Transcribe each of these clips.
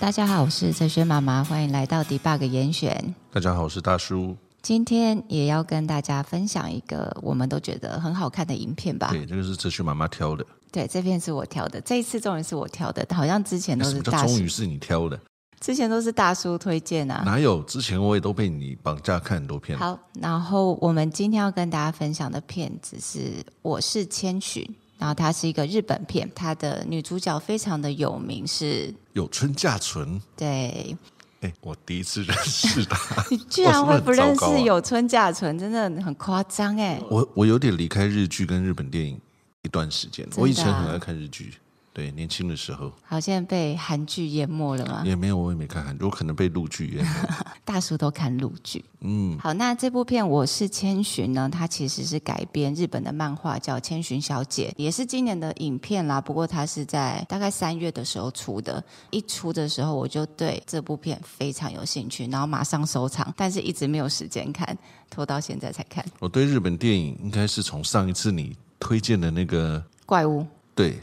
大家好，我是哲學媽媽，歡迎來到 Debug 嚴選。大家好，我是大叔。今天也要跟大家分享一個我們都覺得很好看的影片吧？對，這個是哲學媽媽挑的。對，這片是我挑的，這一次終於是我挑的，好像之前都是大叔。什麼叫終於是你挑的？之前都是大叔推薦啊？哪有？之前我也都被你綁架看很多片。好，然後我們今天要跟大家分享的片子是《我是千尋》。然後它是一個日本片，它的女主角非常的有名，是有村架純。對，哎，我第一次認識她。 你居然會不認識有村架純，真的很誇張哎！我我有點離開日劇跟日本電影一段時間了，我以前很愛看日劇。對，年輕的時候，好像被韓劇淹沒了嗎？也沒有，我也沒看韓劇，我可能被陸劇淹了。 大叔都看陸劇。嗯，好，那這部片我是千尋呢，它其實是改編日本的漫畫，叫《千尋小姐》，也是今年的影片啦。不過它是在大概三月的時候出的，一出的時候我就對這部片非常有興趣，然後馬上收藏，但是一直沒有時間看，拖到現在才看。我對日本電影應該是從上一次你推薦的那個怪物對。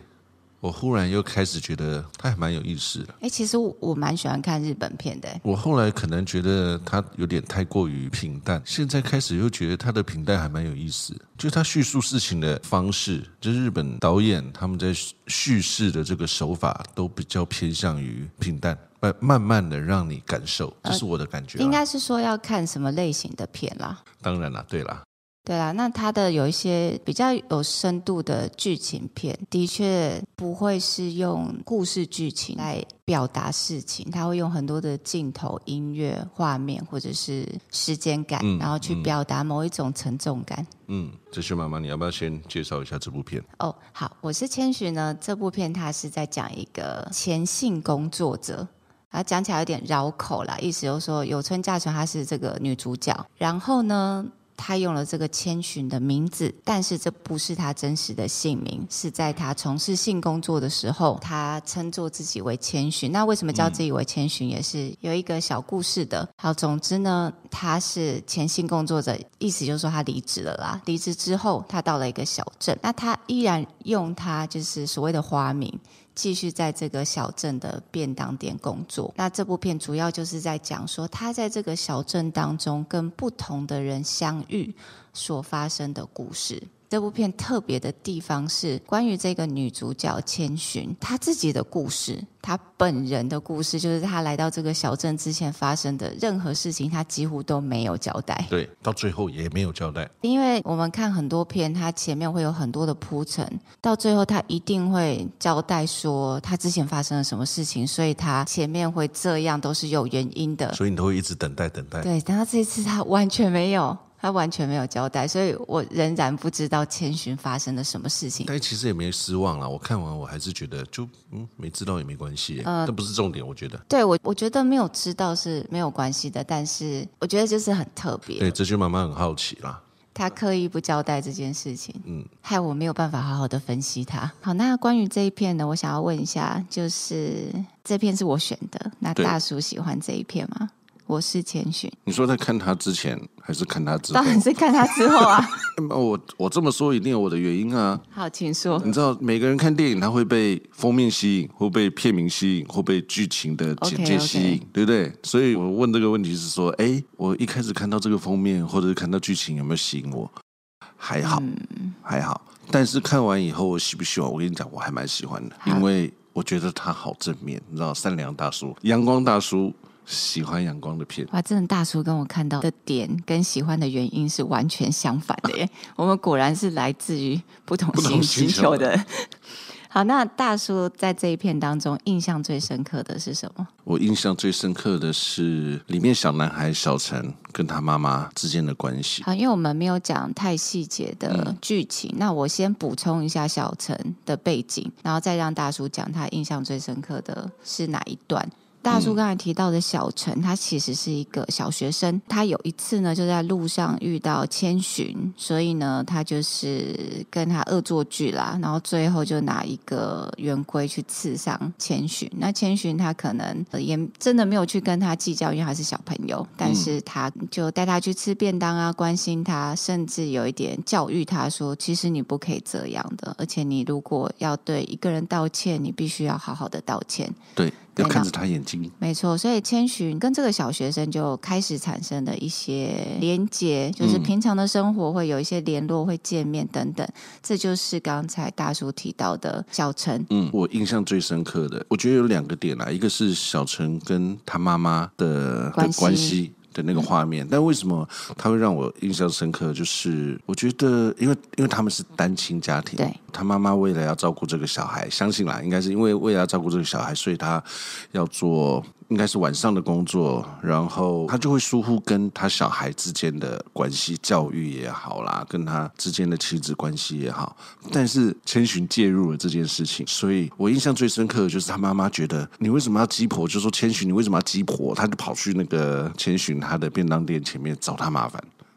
我忽然又開始覺得他還蠻有意思的。哎，其實我蠻喜歡看日本片的。我後來可能覺得他有點太過於平淡，現在開始又覺得他的平淡還蠻有意思。就他敘述事情的方式，就是日本導演他們在敘事的這個手法，都比較偏向於平淡，慢慢的讓你感受，這是我的感覺。應該是說要看什麼類型的片啦？當然啦，對啦。對啦、啊，那他的有一些比較有深度的劇情片，的確不會是用故事劇情來表達事情，他會用很多的鏡頭、音樂、畫面或者是時間感、嗯，然後去表達某一種沉重感。嗯，嗯嗯，哲學馬麻，你要不要先介紹一下這部片？哦，好，我是千尋呢。這部片它是在講一個前性工作者，啊，講起來有點繞口啦。意思就是說，有村架純她是這個女主角，然後呢。他用了這個千尋的名字，但是這不是他真實的姓名，是在他從事性工作的時候，他稱作自己為千尋。那為什麼叫自己為千尋？嗯，也是有一個小故事的。好，總之呢，他是前性工作者，意思就是說他離職了啦。離職之後，他到了一個小鎮，那他依然用他就是所謂的花名。繼續在這個小鎮的便當店工作。那這部片主要就是在講說，他在這個小鎮當中跟不同的人相遇所發生的故事。這部片特別的地方是關於這個女主角千尋，她自己的故事，她本人的故事，就是她來到這個小鎮之前發生的任何事情，她幾乎都沒有交代。對，到最後也沒有交代。因為我們看很多片，它前面會有很多的鋪陳，到最後她一定會交代說她之前發生了什麼事情，所以她前面會這樣都是有原因的。所以你都會一直等待等待。對，等到這一次她完全沒有。他完全沒有交代，所以我仍然不知道千尋發生了什麼事情。但其實也沒失望啦，我看完我還是覺得就嗯，沒知道也沒關係、欸，嗯、呃，這不是重點，我覺得。對，我我覺得沒有知道是沒有關係的，但是我覺得就是很特別。對，哲學媽媽很好奇啦，他刻意不交代這件事情，嗯，害我沒有辦法好好的分析他。好，那關於這一片呢，我想要問一下，就是這片是我選的，那大叔喜歡這一片嗎？我是千尋。你說在看他之前還是看他之後？當然是看他之後啊！ 我我這麼說一定有我的原因啊。好，請說。你知道每個人看電影，他會被封面吸引，會被片名吸引，會被劇情的簡介吸引，okay, okay. 對不對？所以我問這個問題是說，哎，我一開始看到這個封面或者是看到劇情有沒有吸引我？還好，嗯、還好。但是看完以後，我喜不喜歡？我跟你講，我還蠻喜歡的，因為我覺得他好正面，你知道，善良大叔，陽光大叔。喜歡陽光的片哇！真的大叔跟我看到的點跟喜歡的原因是完全相反的耶！ 我們果然是來自於不同星球的。球的 好，那大叔在這一片當中印象最深刻的是什麼？我印象最深刻的是裡面小男孩小陳跟他媽媽之間的關係。好，因為我們沒有講太細節的劇情，嗯、那我先補充一下小陳的背景，然後再讓大叔講他印象最深刻的是哪一段。大叔剛才提到的小陳，嗯，他其實是一個小學生。他有一次呢，就在路上遇到千尋，所以呢，他就是跟他惡作劇啦，然後最後就拿一個圓規去刺傷千尋。那千尋他可能也真的沒有去跟他計較，因為他是小朋友。但是他就帶他去吃便當啊，關心他，甚至有一點教育他說：“其實你不可以這樣的，而且你如果要對一個人道歉，你必須要好好的道歉。”對。要看着他眼睛，沒錯，所以千尋跟這個小學生就開始產生了一些連結，就是平常的生活會有一些聯絡、會見面等等，這就是剛才大叔提到的小陳。嗯，我印象最深刻的，我覺得有兩個點啦，一個是小陳跟他媽媽的的關係。關的那個畫面，嗯、但為什麼他會讓我印象深刻？就是我覺得，因為因為他們是單親家庭，對他媽媽為了要照顧這個小孩，相信啦，應該是因為為了要照顧這個小孩，所以他要做。應該是晚上的工作，然後他就會疏忽跟他小孩之間的關係，教育也好啦，跟他之間的妻子關係也好。但是千尋介入了這件事情，所以我印象最深刻的就是他媽媽覺得，你為什麼要雞婆，就說千尋你為什麼要雞婆，他就跑去那個千尋他的便當店前面找他麻煩，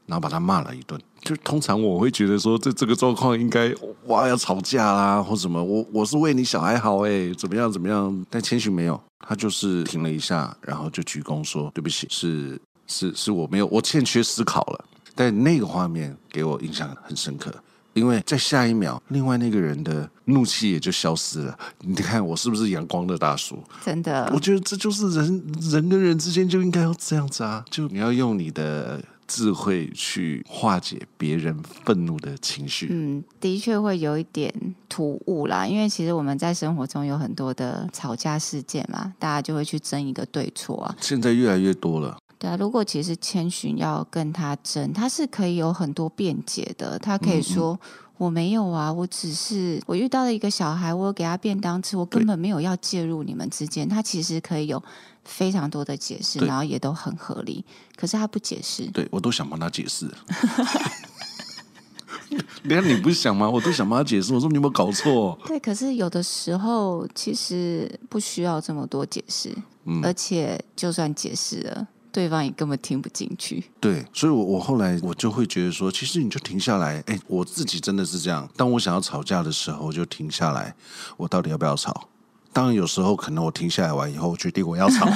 然後把他罵了一頓。就通常我會覺得說這這個狀況應該哇要吵架啦或什麼，我我是為你小孩好哎，怎麼樣怎麼樣？但千尋沒有，他就是停了一下，然後就鞠躬說對不起，是是是我沒有，我欠缺思考了。但那個畫面給我印象很深刻，因為在下一秒，另外那個人的怒氣也就消失了。你看我是不是陽光的大叔？真的，我覺得這就是人人跟人之間就應該要這樣子啊！就你要用你的。智慧去化解別人憤怒的情緒，嗯，的確會有一點突兀啦。因為其實我們在生活中有很多的吵架事件嘛，大家就會去爭一個對錯啊。現在越來越多了。對啊，如果其實千尋要跟他爭，他是可以有很多辯解的。他可以說，嗯嗯，我沒有啊，我只是，我遇到了一個小孩，我有給他便當吃，我根本沒有要介入你們之間。他其實可以有。非常多的解釋，然後也都很合理，可是他不解釋。對，我都想幫他解釋。連 你不想嗎？我都想幫他解釋。我說你有沒有搞錯？對，可是有的時候其實不需要這麼多解釋，嗯，而且就算解釋了，對方也根本聽不進去。對，所以，我我後來我就會覺得說，其實你就停下來。哎，我自己真的是這樣，當我想要吵架的時候，我就停下來。我到底要不要吵？當然，有時候可能我停下來完以後，決定我要吵。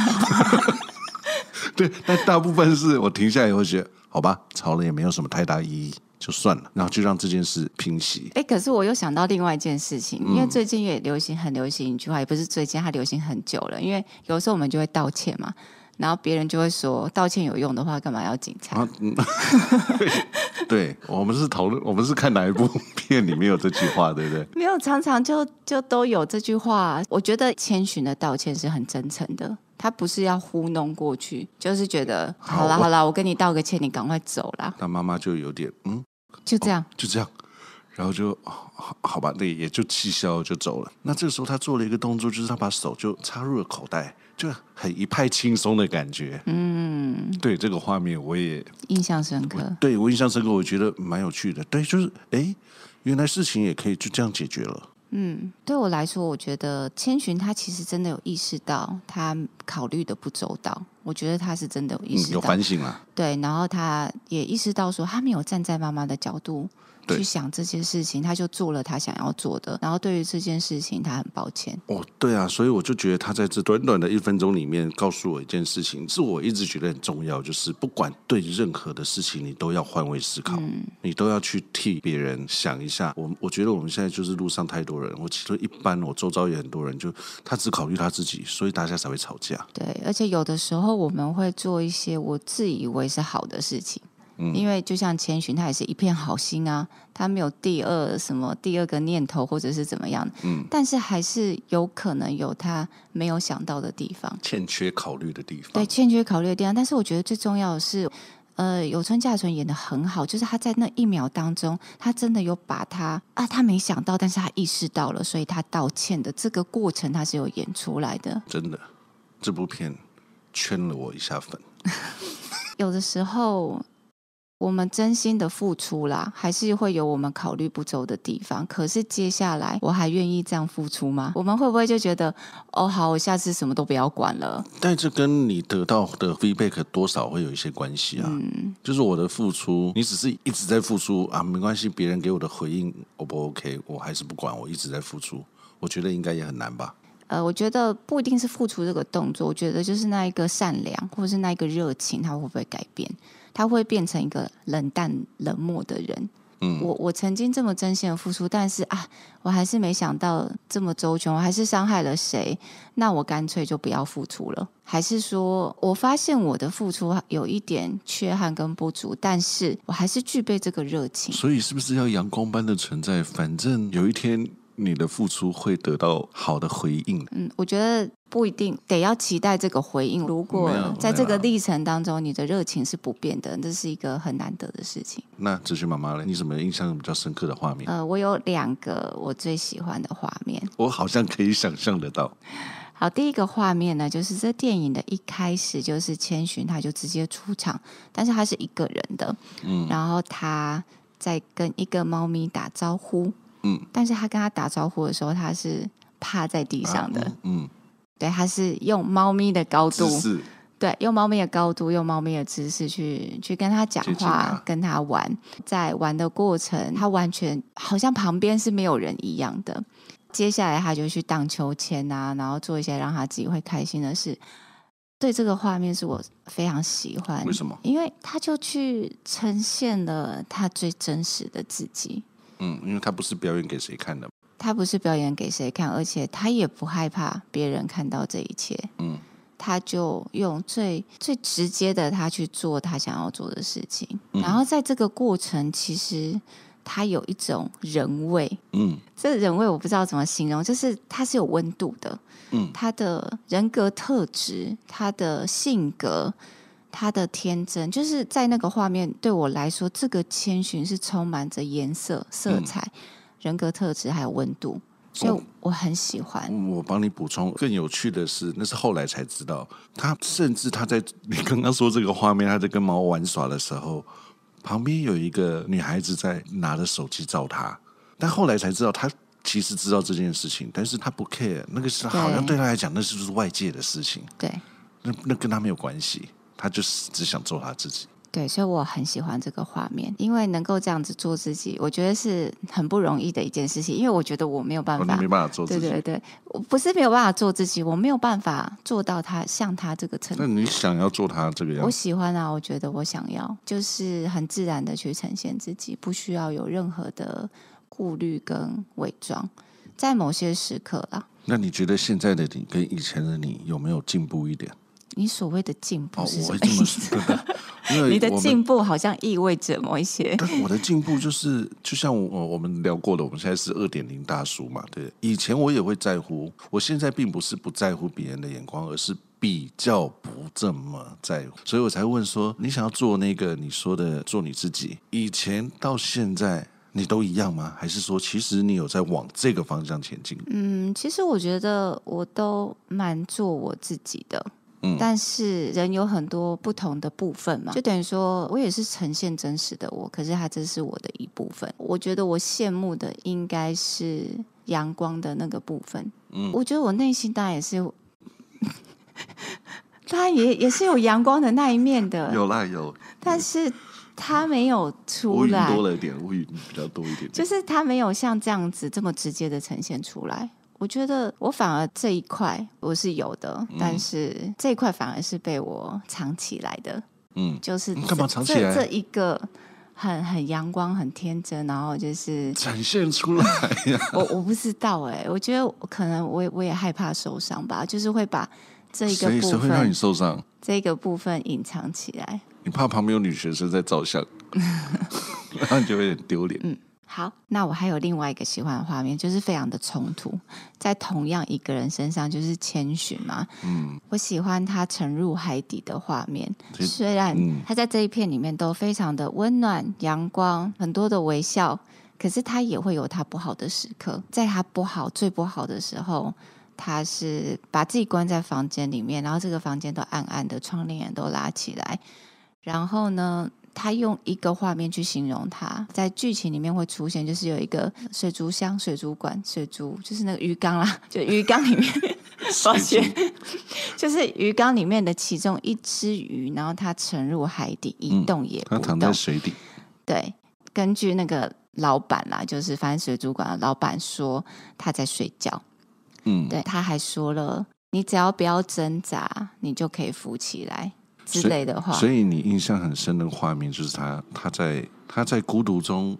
對，但大部分是我停下來會覺得，好吧，吵了也沒有什麼太大意義，就算了，然後就讓這件事平息。哎、欸，可是我又想到另外一件事情，嗯、因為最近也流行很流行一句話，也不是最近，它流行很久了。因為有時候我們就會道歉嘛。然後別人就會說，道歉有用的話，幹嘛要警察？啊嗯、對，對我們是討論，我們是看哪一部片裡面有這句話，對不對？沒有，常常就就都有這句話。我覺得千尋的道歉是很真誠的，他不是要糊弄過去，就是覺得好啦好啦，我跟你道個歉，你趕快走啦。那媽媽就有點嗯，就這樣、哦，就這樣，然後就好好吧，那也就氣消就走了。那這個時候他做了一個動作，就是他把手就插入了口袋。就很一派輕鬆的感覺，嗯，對這個畫面我也印象深刻。對我印象深刻，我，我，刻我覺得蠻有趣的。對，就是哎、欸，原來事情也可以就這樣解決了。嗯，對我來說，我覺得千尋他其實真的有意識到他考慮的不周到。我覺得他是真的有意識到、嗯、有反省了、啊。對，然後他也意識到說，他沒有站在媽媽的角度去想這件事情，他就做了他想要做的。然後對於這件事情，他很抱歉。哦，對啊，所以我就覺得他在這短短的一分鐘裡面，告訴我一件事情，是我一直覺得很重要，就是不管對任何的事情，你都要換位思考，嗯，你都要去替別人想一下。我我覺得我們現在就是路上太多人，我其實一般我周遭也很多人就，就他只考慮他自己，所以大家才會吵架。對，而且有的時候我們會做一些我自以為是好的事情。嗯、因為就像千尋，他也是一片好心啊，他沒有第二什麼第二個念頭或者是怎麼樣，嗯，但是還是有可能有他沒有想到的地方，欠缺考慮的地方，對，欠缺考慮的地方。但是我覺得最重要的是，呃，有村架純演得很好，就是他在那一秒當中，他真的有把他啊，他沒想到，但是他意識到了，所以他道歉的這個過程，他是有演出來的。真的，這部片圈了我一下粉。 有的時候。我們真心的付出啦，還是會有我們考慮不周的地方。可是接下來我還願意這樣付出嗎？我們會不會就覺得，哦，好，我下次什麼都不要管了？但這跟你得到的 feedback 多少會有一些關係啊。嗯，就是我的付出，你只是一直在付出啊，沒關係，別人給我的回應 O 不 OK，我還是不管，我一直在付出，我覺得應該也很難吧。呃，我覺得不一定是付出這個動作，我覺得就是那一個善良，或者是那一個熱情，他會不會改變？他會變成一個冷淡、冷漠的人。嗯，我我曾經這麼真心的付出，但是啊，我還是沒想到這麼周全，我還是傷害了誰？那我乾脆就不要付出了。還是說，我發現我的付出有一點缺憾跟不足，但是我還是具備這個熱情。所以是不是要陽光般的存在？反正有一天。你的付出會得到好的回應。嗯，我覺得不一定得要期待這個回應。如果在這個歷程當中，你的熱情是不變的，這是一個很難得的事情。那哲學媽媽呢？你什麼印象比較深刻的畫面？呃，我有兩個我最喜歡的畫面。我好像可以想象得到。好，第一個畫面呢，就是這電影的一開始，就是千尋，他就直接出場，但是他是一個人的，嗯，然後他在跟一個貓咪打招呼。嗯，但是他跟他打招呼的時候，他是趴在地上的，啊、嗯，嗯，對，他是用貓咪的高度，對，用貓咪的高度，用貓咪的姿勢去去跟他講話他，跟他玩，在玩的過程，他完全好像旁邊是沒有人一樣的。接下來他就去盪秋千啊，然後做一些讓他自己會開心的事。對，這個畫面是我非常喜歡，為什麼？因為他就去呈現了他最真實的自己。嗯，因為他不是表演給誰看的。他不是表演給誰看，而且他也不害怕別人看到這一切。嗯，他就用最最直接的他去做他想要做的事情。嗯，然後在這個過程，其實他有一種人味。嗯，這人味我不知道怎麼形容，就是他是有溫度的。嗯，他的人格特質，他的性格。他的天真，就是在那個畫面對我來說，這個千尋是充滿着顏色、色彩、嗯、人格特質還有溫度，所以我很喜歡我。我幫你補充，更有趣的是，那是後來才知道，他甚至他在你剛剛說這個畫面，他在跟貓玩耍的時候，旁邊有一個女孩子在拿着手機照他，但後來才知道他其實知道這件事情，但是他不 care，那個是好像對他來講，那就是外界的事情，對，那那跟他沒有關係。他就是只想做他自己，對，所以我很喜歡這個畫面，因為能夠這樣子做自己，我覺得是很不容易的一件事情。因為我覺得我沒有辦法，哦、你沒辦法做自己，對對對，我不是沒有辦法做自己，我沒有辦法做到他像他這個程度。那你想要做他這個樣子？我喜歡啊，我覺得我想要，就是很自然的去呈現自己，不需要有任何的顧慮跟偽裝，在某些時刻啊。那你覺得現在的你跟以前的你有沒有進步一點？你所謂的進步是什麼意思？哦、我會這麼說 因為你的進步好像意味着某一些。但我的進步就是，就像我我們聊過的，我們現在是二點零大叔嘛？對，以前我也會在乎，我現在並不是不在乎別人的眼光，而是比較不這麼在乎。所以我才問說，你想要做那個你說的做你自己？以前到現在，你都一樣嗎？還是說，其實你有在往這個方向前進？嗯，其實我覺得我都蠻做我自己的。但是人有很多不同的部分嘛，就等於說我也是呈現真實的我，可是它只是我的一部分。我覺得我羨慕的應該是陽光的那個部分。嗯，我覺得我內心當然也是，他也也是有陽光的那一面的， 有啦有，有。但是他沒有出來，多了一點，烏雲比較多一點點，就是他沒有像這樣子這麼直接的呈現出來。我覺得我反而這一塊我是有的，嗯、但是這一塊反而是被我藏起來的。嗯，就是幹嘛藏起來？這，這一個很很陽光、很天真，然後就是展現出來、啊。我我不知道哎、欸，我覺得我可能我也我也害怕受傷吧，就是會把這一個部分會讓你受傷。這一個部分隱藏起來，你怕旁邊有女學生在照相， 然後你就會很丟臉。嗯。好，那我還有另外一個喜歡的畫面，就是非常的衝突，在同樣一個人身上，就是千尋嘛。嗯，我喜歡他沉入海底的畫面。嗯，雖然他在這一片裡面都非常的溫暖、陽光，很多的微笑，可是他也會有他不好的時刻。在他不好、最不好的時候，他是把自己關在房間裡面，然後這個房間都暗暗的，窗簾都拉起來，然後呢，他用一個畫面去形容他，在劇情裡面會出現，就是有一個水族箱、水族館、水族，就是那個魚缸啦，就魚缸裡面，發 現水族 就是魚缸裡面的其中一隻魚，然後它沉入海底一、嗯、動也不動，它躺在水底。對，根據那個老闆啦，就是反正水族館的老闆說他在睡覺。嗯，對，他還說了，你只要不要掙扎，你就可以浮起來。之類的話所，所以你印象很深的畫面就是他、他在他在孤獨中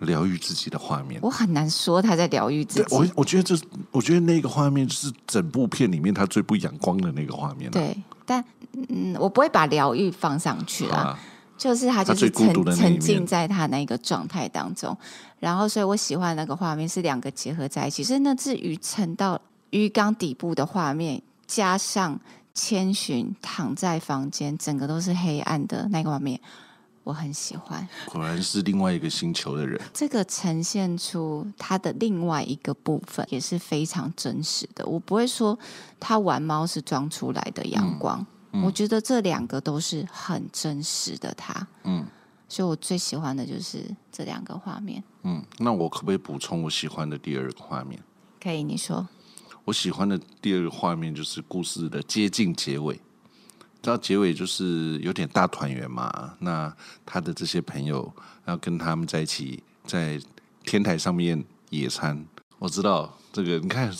療癒自己的畫面。我很難說他在療癒自己，我、我覺得這、就是、我覺得那個畫面就是整部片裡面他最不陽光的那個畫面、啊。對，但嗯，我不會把療癒放上去啦、啊，就是他就是沉，他最孤獨的那一面，沉浸在他那個狀態當中。然後，所以我喜歡那個畫面是兩個結合在一起，那是那只魚沉到魚缸底部的畫面，加上。千尋躺在房間，整個都是黑暗的那個畫面，我很喜歡。果然是另外一個星球的人。這個呈現出他的另外一個部分，也是非常真實的。我不會說他玩貓是裝出來的陽光，嗯嗯，我覺得這兩個都是很真實的他。嗯，所以我最喜歡的就是這兩個畫面。嗯，那我可不可以補充我喜歡的第二個畫面？可以，你說。我喜歡的第二個畫面就是故事的接近結尾，到結尾就是有點大團圓嘛。那他的這些朋友，然後跟他們在一起在天台上面野餐。我知道這個，你看。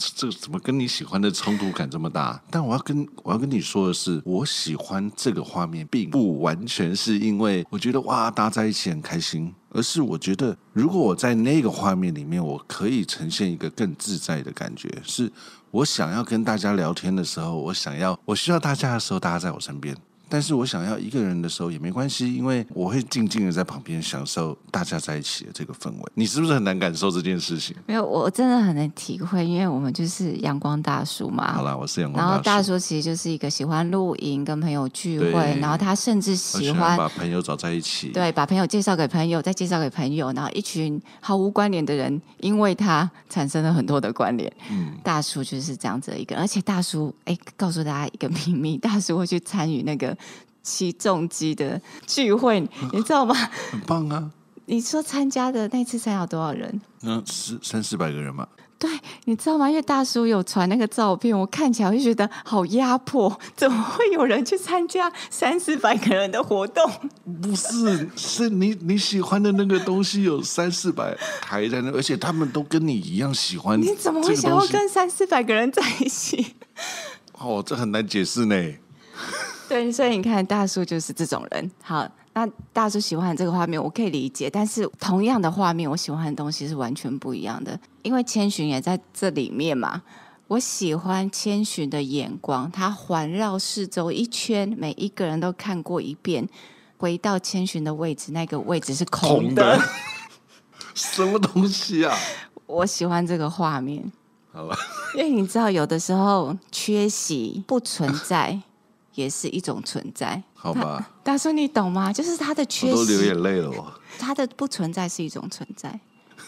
這，這怎麼跟你喜歡的衝突感這麼大？但我要跟我要跟你說的是，我喜歡這個畫面，並不完全是因為我覺得哇，大家在一起很開心，而是我覺得如果我在那個畫面裡面，我可以呈現一個更自在的感覺。是，我想要跟大家聊天的時候，我想要我需要大家的時候，大家在我身邊。但是我想要一個人的時候也沒關係，因為我會靜靜的，在旁邊享受大家在一起的這個氛圍。你是不是很難感受這件事情？沒有，我真的很能體會，因為我們就是陽光大叔嘛。好啦，我是陽光大叔。然後大叔其實就是一個喜歡露營、跟朋友聚會，然後他甚至喜歡，他喜歡把朋友找在一起。對，把朋友介紹給朋友，再介紹給朋友，然後一群毫無關聯的人，因為他產生了很多的關聯。嗯，大叔就是這樣子的一個，而且大叔哎、欸，告訴大家一個秘密，大叔會去參與那個。起重機的聚會，你知道嗎？很棒啊！你說參加的那次才有多少人？嗯，三四百個人吧。對，你知道嗎？因為大叔有傳那個照片，我看起來就覺得好壓迫。怎麼會有人去參加三四百個人的活動？ 不是，是你你喜歡的那個東西有三四百台在那，而且他們都跟你一樣喜歡。你怎麼會想要跟三四百個人在一起？哦，這很難解釋呢。對，所以你看，大叔就是這種人。好，那大叔喜歡這個畫面，我可以理解。但是同樣的畫面，我喜歡的東西是完全不一樣的。因為千尋也在這裡面嘛，我喜歡千尋的眼光，它環繞四周一圈，每一個人都看過一遍。回到千尋的位置，那個位置是空的，的 什麼東西啊？我喜歡這個畫面。好吧，因為你知道，有的時候缺席不存在。 也是一種存在，好吧，大叔，你懂嗎？就是他的缺失我都流眼淚了、喔。他的不存在是一種存在，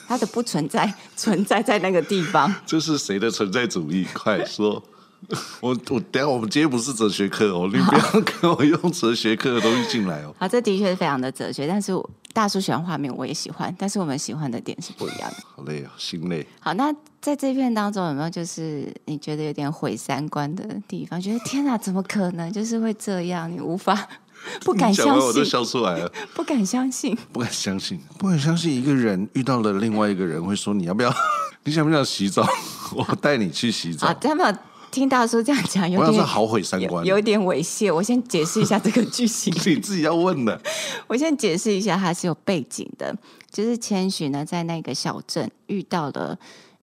他的不存在存在在那個地方。這 是誰的存在主義？快說！ 我我等下我們今天不是哲學課哦、喔，你不要給我用哲學課的東西進來哦、喔。好，這的確是非常的哲學，但是大叔喜歡畫面，我也喜歡，但是我們喜歡的點是不一樣的。好累哦、喔，心累。好，那。在這片當中有沒有就是你覺得有點毀三觀的地方？覺得天哪，怎麼可能就是會這樣？你無法不敢相信，想笑出來了，不敢相信，不敢相信，不敢相信一個人遇到了另外一個人會說，你要不要？你想不想洗澡？我帶你去洗澡。 啊，真、啊、他們聽到說這樣講，有點好毀三觀有，有點猥褻。我先解釋一下這個劇情， 你自己要問的。 我先解釋一下，它是有背景的，就是千尋呢在那個小鎮遇到了。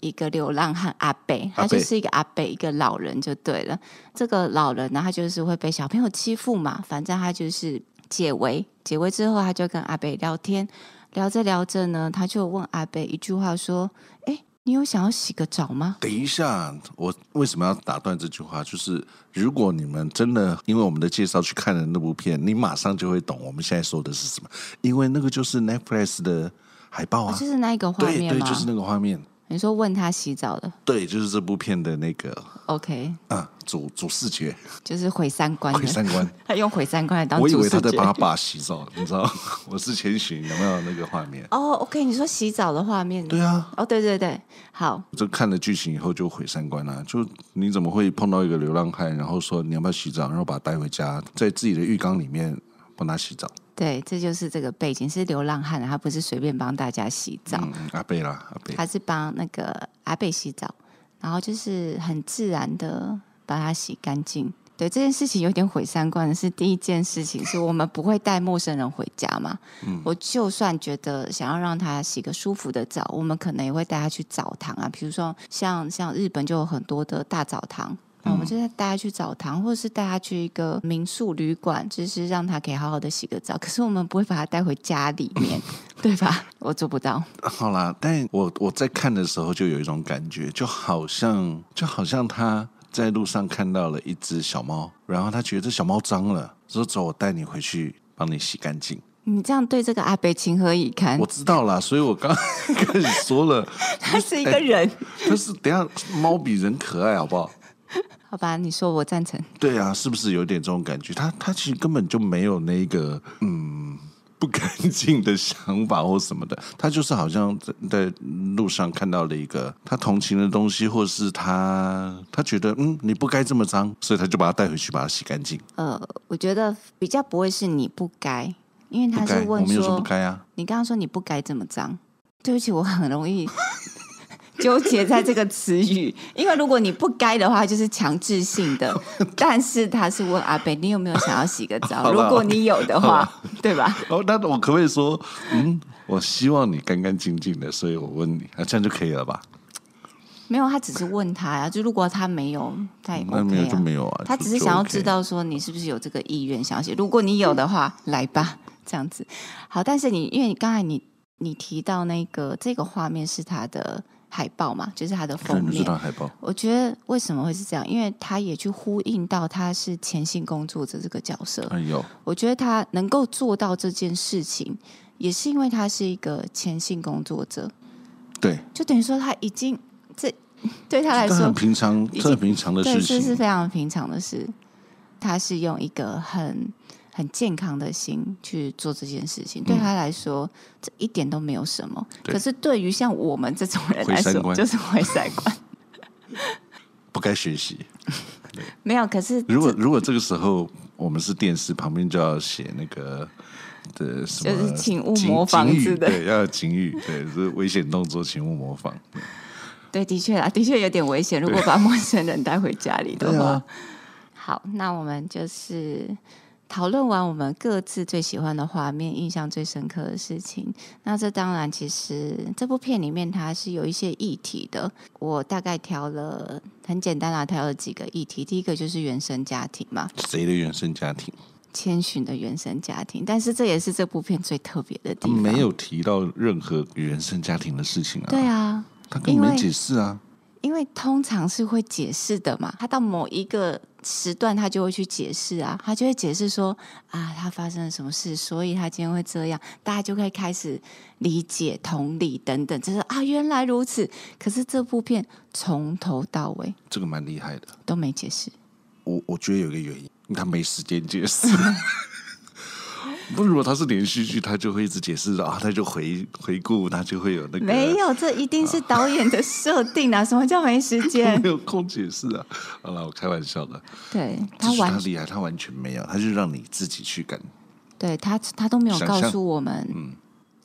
一個流浪漢阿伯，他就是一個阿伯，一個老人就對了。這個老人呢，他就是會被小朋友欺負嘛。反正他就是解圍，解圍之後，他就跟阿伯聊天，聊着聊着呢，他就問阿伯一句話說：“哎，你有想要洗個澡嗎？”等一下，我為什麼要打斷這句話？就是如果你們真的因為我們的介紹去看了那部片，你馬上就會懂我們現在說的是什麼，因為那個就是 Netflix 的海報啊，啊，就是那一個畫面嗎？對對，就是那個畫面。你說問他洗澡的。對，就是這部片的那個。OK。嗯、啊，主主視覺就是毀三,三觀，毀 三觀。他用毀三觀來當。我以為他在幫他爸洗澡， 你知道？我是前行，有沒有那個畫面？哦、oh，OK，你說洗澡的畫面。對啊。哦、oh，對對對，好。就看了劇情以後就毀三觀了，啊，就你怎麼會碰到一個流浪漢，然後說你要不要洗澡，然後把他帶回家，在自己的浴缸裡面幫他洗澡。對，這就是這個背景是流浪漢，他不是隨便幫大家洗澡。嗯、阿伯啦，阿伯，他是幫那個阿伯洗澡，然後就是很自然的把它洗乾淨。對，這件事情有點毀三觀是第一件事情，是我們不會帶陌生人回家嘛。 我就算覺得想要讓他洗個舒服的澡，我們可能也會帶他去澡堂啊。比如說像像日本就有很多的大澡堂。嗯、那我們就帶他去澡堂，或者是帶他去一個民宿旅館，就是讓他可以好好的洗個澡。可是我們不會把他帶回家裡面， 對吧？我做不到。啊、好啦，但我我在看的時候就有一種感覺，就好像就好像他在路上看到了一隻小貓，然後他覺得這小貓髒了，說：“走，我帶你回去，幫你洗乾淨。”你這樣對這個阿伯情何以堪？我知道啦，所以我剛剛跟你說了， 他是一個人，欸、但是等一下貓比人可愛，好不好？好吧，你說我贊成。對啊，是不是有點這種感覺？他他其實根本就沒有那個嗯不乾淨的想法或什麼的，他就是好像在在路上看到了一個他同情的東西，或是他他覺得嗯你不該這麼髒，所以他就把它帶回去，把它洗乾淨。呃，我覺得比較不會是你不該，因為他是問說，不該，我沒有說不該啊，你剛剛說你不該這麼髒，對不起，我很容易。 糾結在這個詞語， 因為如果你不該的話，就是強制性的。 但是他是問阿北，你有沒有想要洗個澡？ 如果你有的話， 對吧？哦，那我可不可以說，嗯，我希望你乾乾淨淨的，所以我問你，啊，這樣就可以了吧？沒有，他只是問他呀、啊，就如果他沒有，他也、OK 啊嗯、沒有就沒有啊，他只是想要知道說你是不是有這個意願、OK、想要洗。如果你有的話、嗯，來吧，這樣子。好，但是你因為你剛才你你提到那個到、那個、這個畫面是他的。海報嘛，就是他的封面。我我覺得為什麼會是這樣，因為他也去呼應到他是前性工作者這個角色。有、哎。我覺得他能夠做到這件事情，也是因為他是一個前性工作者。對。就等於說他已經這對他來說他很平常，很平常的事情，這是，是非常平常的事。他是用一個很。很健康的心去做這件事情，對他來說、嗯、這一點都沒有什麼。可是對於像我們這種人來說，關就是毀三觀， 不該學習 。沒有，可是如果如果這個時候我們是電視旁邊，就要寫那個的什麼，就是請勿模仿。對，要有警語，對，就是危險動作，請勿模仿。對，的確啦，的確有點危險。如果把陌生人帶回家裡的話，對啊。好，那我們就是。討論完我們各自最喜歡的畫面、印象最深刻的事情，那這當然其實這部片裡面它是有一些議題的。我大概挑了很簡單啊，挑了幾個議題。第一個就是原生家庭嘛，誰的原生家庭？千尋的原生家庭，但是這也是這部片最特別的地方，沒有提到任何原生家庭的事情啊。對啊，他跟你們解釋啊。因為通常是會解釋的嘛，他到某一個時段，他就會去解釋啊，他就會解釋說啊，他發生了什麼事，所以他今天會這樣，大家就可以開始理解、同理等等，就是啊，原來如此。可是這部片從頭到尾，這個蠻厲害的，都沒解釋。我我覺得有一個原因，因為他沒時間解釋。 不，如果他是連續劇，他就會一直解釋啊，他就回回顧，他就會有那個。沒有，這一定是導演的設定啊！ 什麼叫沒時間？ 沒有空解釋啊！好了，我開玩笑的。對他完他厲害，他完全沒有，他就讓你自己去感。對他，他都沒有告訴我們，嗯，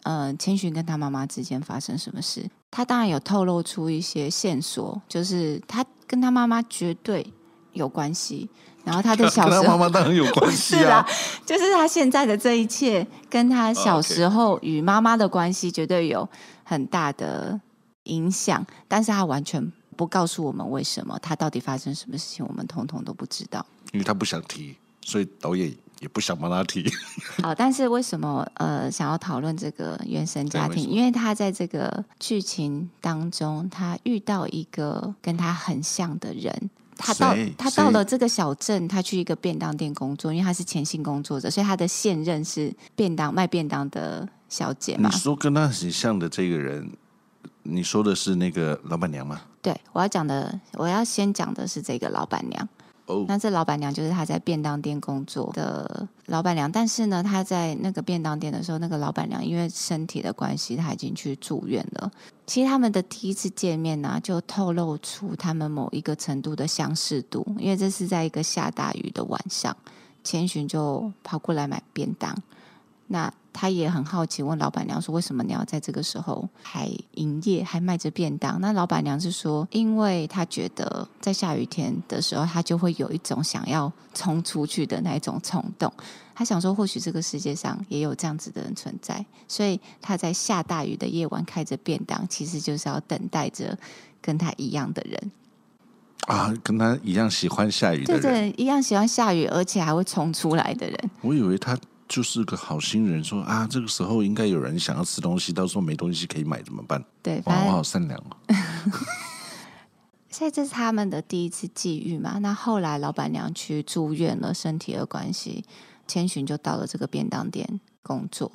呃，千尋跟他媽媽之間發生什麼事？他當然有透露出一些線索，就是他跟他媽媽絕對。有關係，然後他的小時候跟媽媽當然有關係啊，是啊， 就是他現在的這一切跟他小時候與媽媽的關係絕對有很大的影響，但是他完全不告訴我們為什麼，他到底發生什麼事情，我們通通都不知道，因為他不想提，所以導演也不想幫他提。 好，但是為什麼呃想要討論這個原生家庭？因為他在這個劇情當中，他遇到一個跟他很像的人。他到，他到了這個小鎮，他去一個便當店工作，因為他是前性工作者，所以他的現任是便當，賣便當的小姐嘛。你說跟他很像的這個人，你說的是那個老闆娘嗎？對，我要講的，我要先講的是這個老闆娘。那這老闆娘就是他在便當店工作的老闆娘，但是呢，他在那個便當店的時候，那個老闆娘因為身體的關係，他已經去住院了。其實他們的第一次見面呢、啊，就透露出他們某一個程度的相似度，因為這是在一個下大雨的晚上，千尋就跑過來買便當。那他也很好奇，問老闆娘說：“為什麼你要在這個時候還營業，還賣着便當？”那老闆娘是說：“因為他覺得在下雨天的時候，他就會有一種想要衝出去的那一種衝動。他想說，或許這個世界上也有這樣子的人存在，所以他在下大雨的夜晚開着便當，其實就是要等待着跟他一樣的人啊，跟他一樣喜歡下雨的人，對對，一樣喜歡下雨，而且還會衝出來的人。我以為他。”就是個好心人，說啊，這個時候應該有人想要吃東西，到時候沒東西可以買怎麼辦？對，我好善良啊、 所以這是他們的第一次際遇嘛。那後來老板娘去住院了，身體的關係，千尋就到了這個便當店工作。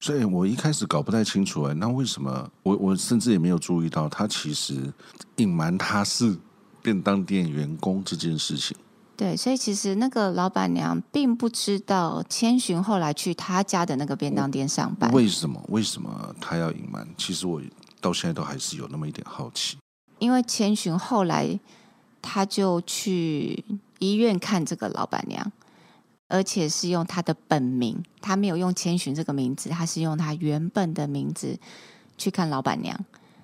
所以我一開始搞不太清楚哎，那為什麼我我甚至也沒有注意到他其實隱瞞他是便當店員工這件事情。對，所以其實那個老闆娘並不知道千尋後來去他家的那個便當店上班。為什麼？為什麼她要隱瞞？其實我到現在都還是有那麼一點好奇。因為千尋後來，他就去醫院看這個老闆娘，而且是用他的本名，他沒有用千尋這個名字，他是用他原本的名字去看老闆娘。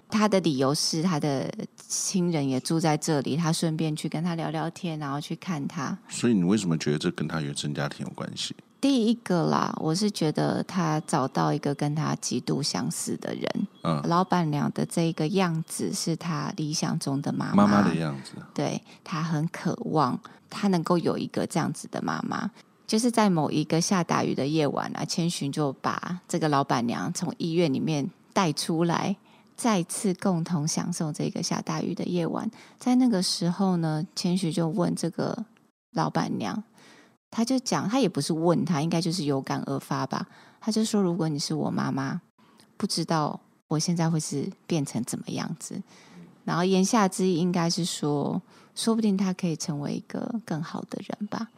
他的理由是他的親人也住在這裡，他順便去跟他聊聊天，然後去看他。所以你為什麼覺得這跟他原生家庭有關係？第一個啦，我是覺得他找到一個跟他極度相似的人。嗯，老闆娘的這個樣子是他理想中的媽媽，媽媽的樣子。對，他很渴望他能夠有一個這樣子的媽媽。就是在某一個下大雨的夜晚啊，千尋就把這個老闆娘從醫院裡面帶出來。再次共同享受這個下大雨的夜晚，在那個時候呢，千尋就問這個老闆娘，他就講，他也不是問他，應該就是有感而發吧。他就說，如果你是我媽媽，不知道我現在會是變成怎麼樣子。然後言下之意應該是說，說不定他可以成為一個更好的人吧。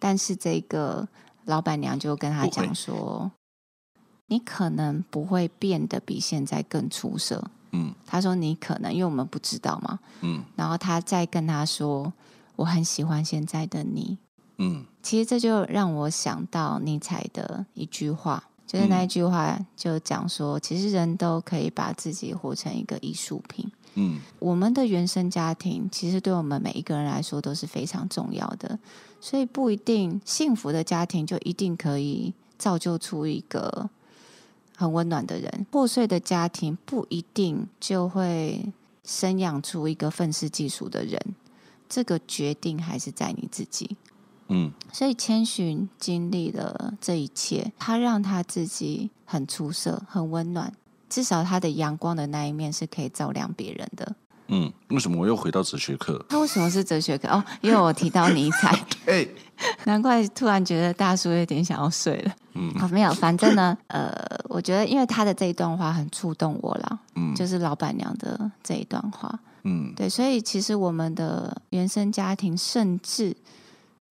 但是這個老闆娘就跟他講說。你可能不會變得比現在更出色。嗯，他說你可能，因為我們不知道嘛。嗯，然後他再跟他說我很喜歡現在的你。嗯，其實這就讓我想到尼采的一句話，就是那一句話就講說，嗯，其實人都可以把自己活成一個藝術品。嗯，我們的原生家庭其實對我們每一個人來說都是非常重要的，所以不一定幸福的家庭就一定可以造就出一個。很溫暖的人，破碎的家庭不一定就會生養出一個憤世嫉俗的人。這個決定還是在你自己。嗯，所以千尋經歷了這一切，他讓他自己很出色，很溫暖。至少他的陽光的那一面是可以照亮別人的。嗯，為什麼我又回到哲學課？他為什麼是哲學課？哦，因為我提到尼采。對 Okay .， 難怪突然覺得大叔有點想要睡了。好、哦，沒有，反正呢，呃，我覺得因為他的這一段話很觸動我了，嗯，就是老闆娘的這一段話，嗯，對，所以其實我們的原生家庭，甚至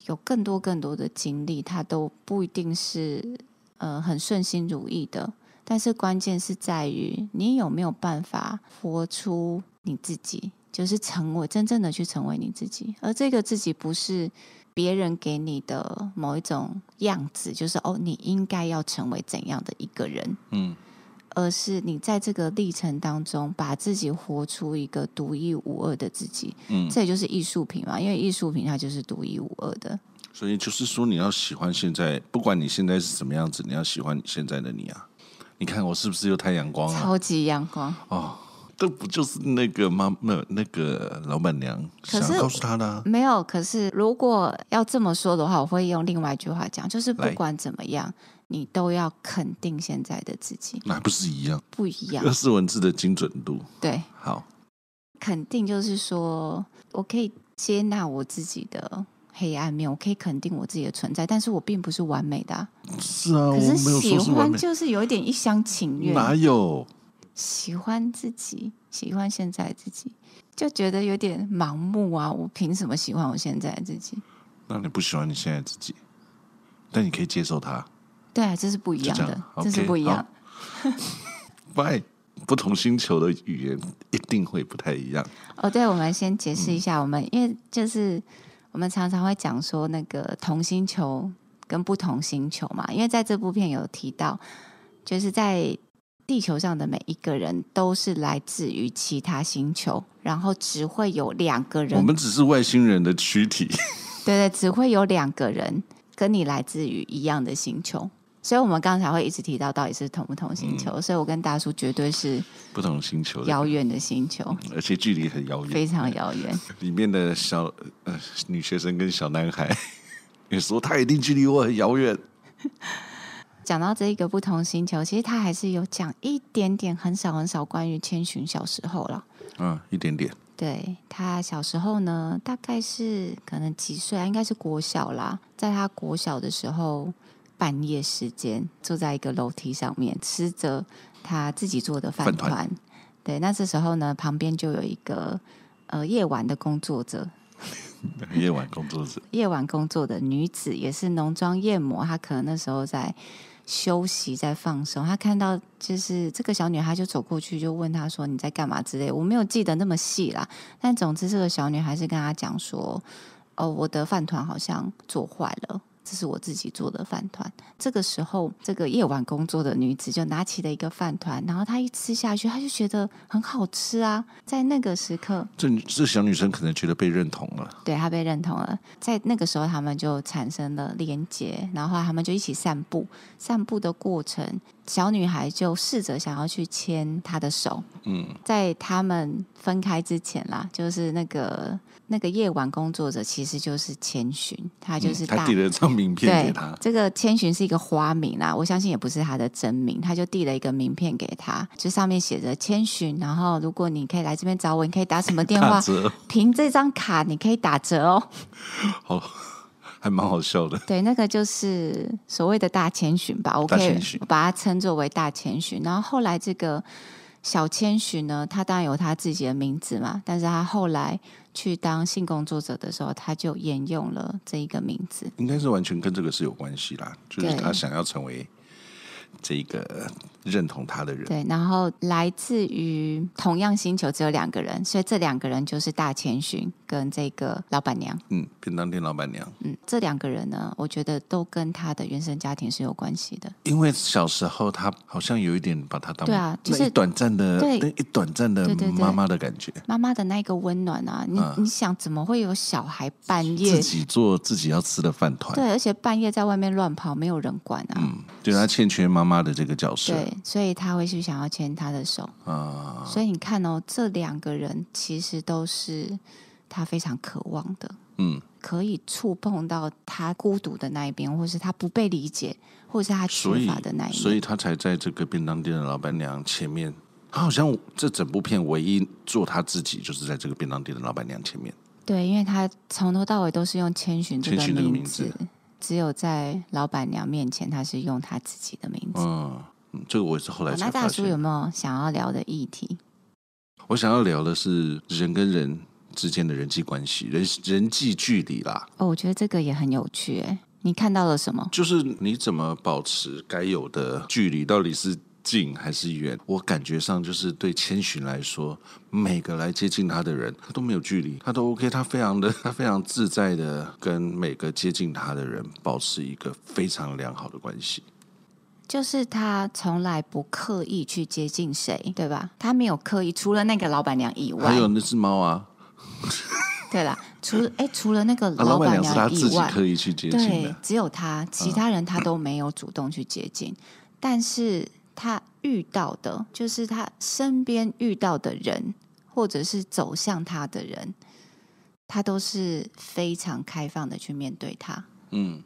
有更多更多的經歷，他都不一定是呃很順心如意的，但是關鍵是在於你有沒有辦法活出你自己，就是成為真正的去成為你自己，而這個自己不是。別人給你的某一種樣子，就是哦，你應該要成為怎樣的一個人？嗯，而是你在這個歷程當中，把自己活出一個獨一無二的自己。嗯，這也就是藝術品嘛，因為藝術品它就是獨一無二的。所以就是說，你要喜歡現在，不管你現在是什麼樣子，你要喜歡你現在的你啊！你看我是不是又太陽光了？超級陽光哦。這不就是那個媽那那個老闆娘可是想告訴他的？沒有，可是如果要這麼說的話，我會用另外一句話講，就是不管怎麼樣，你都要肯定現在的自己。那不是一樣？不一樣。這個是文字的精準度。對，好，肯定就是說，我可以接納我自己的黑暗面，我可以肯定我自己的存在，但是我並不是完美的啊。是啊，可是喜歡是就是有一點一廂情願。哪有？喜歡自己，喜歡現在自己，就覺得有點盲目啊！我憑什麼喜歡我現在自己？那你不喜歡你現在自己，但你可以接受他。對啊，這是不一樣的，就這樣這是不一樣。Okay, 不愛不同星球的語言一定會不太一樣。哦、 oh,，對，我們先解釋一下，我們、嗯、因為就是我們常常會講說那個同星球跟不同星球嘛，因為在這部片有提到，就是在。地球上的每一個人都是來自於其他星球，然後只會有兩個人。我們只是外星人的軀體。 對對，只會有兩個人跟你來自於一樣的星球，所以我們剛才會一直提到到底是同不同星球。嗯，所以我跟大叔絕對是不同星球，遙遠的星球，而且距離很遙遠，非常遙遠。裡面的小呃女學生跟小男孩，你說他一定距離我很遙遠。 講到這一個不同星球，其實他還是有講一點點很少很少關於千尋小時候了。嗯、啊，一點點。對他小時候呢，大概是可能幾歲啊？應該是國小啦。在他國小的時候，半夜時間坐在一個樓梯上面，吃着他自己做的飯團。飯團對，那這時候呢，旁邊就有一個呃夜晚的工作者。 夜晚工作者。 夜晚工作的女子也是濃妝艷抹，她可能那時候在。休息在放鬆，他看到就是這個小女孩就走過去，就問他說：“你在幹嘛？”之類，我沒有記得那麼細啦。但總之，這個小女孩是跟他講說：“哦，我的飯糰好像做壞了。”這是我自己做的飯糰。這個時候，這個夜晚工作的女子就拿起了一個飯糰，然後她一吃下去，她就覺得很好吃啊。在那個時刻，這這小女生可能覺得被認同了，對，她被認同了。在那個時候，她們就產生了連結，然後她們就一起散步。散步的過程。小女孩就試着想要去牽她的手。嗯，在他們分開之前啦，就是那個那個夜晚工作者，其實就是千尋，他就是、嗯、他遞了張名片給他。對，這個千尋是一個花名啦，我相信也不是他的真名，他就遞了一個名片給他，就上面寫着千尋。然後如果你可以來這邊找我，你可以打什麼電話？打折。憑這張卡你可以打折哦。 好。還蠻好笑的，對，那個就是所謂的大千尋吧，okay, 我把它稱作為大千尋。然後後來這個小千尋呢，他當然有他自己的名字嘛，但是他後來去當性工作者的時候，他就沿用了這一個名字。應該是完全跟這個是有關係啦，就是他想要成為這一個認同他的人。對，對，然後來自於同樣星球只有兩個人，所以這兩個人就是大千尋。跟這個老板娘，嗯，便當店老板娘，嗯，這兩個人呢，我覺得都跟他的原生家庭是有關係的。因為小時候他好像有一點把他當，對啊，就是一短暫的，對一短暫的媽媽的感覺，媽媽的那個溫暖啊。你啊你想怎麼會有小孩半夜自己做自己要吃的飯糰。對，而且半夜在外面亂跑，沒有人管啊。嗯，對、就是、他欠缺媽媽的這個角色，對，所以他會去想要牽她的手啊。所以你看哦，這兩個人其實都是。他非常渴望的，嗯，可以觸碰到他孤獨的那一邊，或是他不被理解，或是他缺乏的那一面，所以，所以他才在這個便當店的老闆娘前面。他好像這整部片唯一做他自己，就是在這個便當店的老闆娘前面。對，因為他從頭到尾都是用千尋這個名字，千尋這個名字，只有在老闆娘面前，他是用他自己的名字。哦、嗯，這個我也是後來。那大叔有沒有想要聊的議題？我想要聊的是人跟人。之間的人際關係，人人際距離啦。哦，我覺得這個也很有趣誒。你看到了什麼？就是你怎麼保持該有的距離，到底是近還是遠？我感覺上就是對千尋來說，每個來接近他的人，他都沒有距離，他都 OK，他非常的他非常自在的跟每個接近他的人保持一個非常良好的關係。就是他從來不刻意去接近誰，對吧？他沒有刻意，除了那個老闆娘以外，還有那隻貓啊。 對啦，除誒，除了那個老闆娘以外，啊、老闆娘是他自己可以去接近，對，只有他，其他人他都沒有主動去接近、嗯。但是他遇到的，就是他身邊遇到的人，或者是走向他的人，他都是非常開放的去面對他。嗯。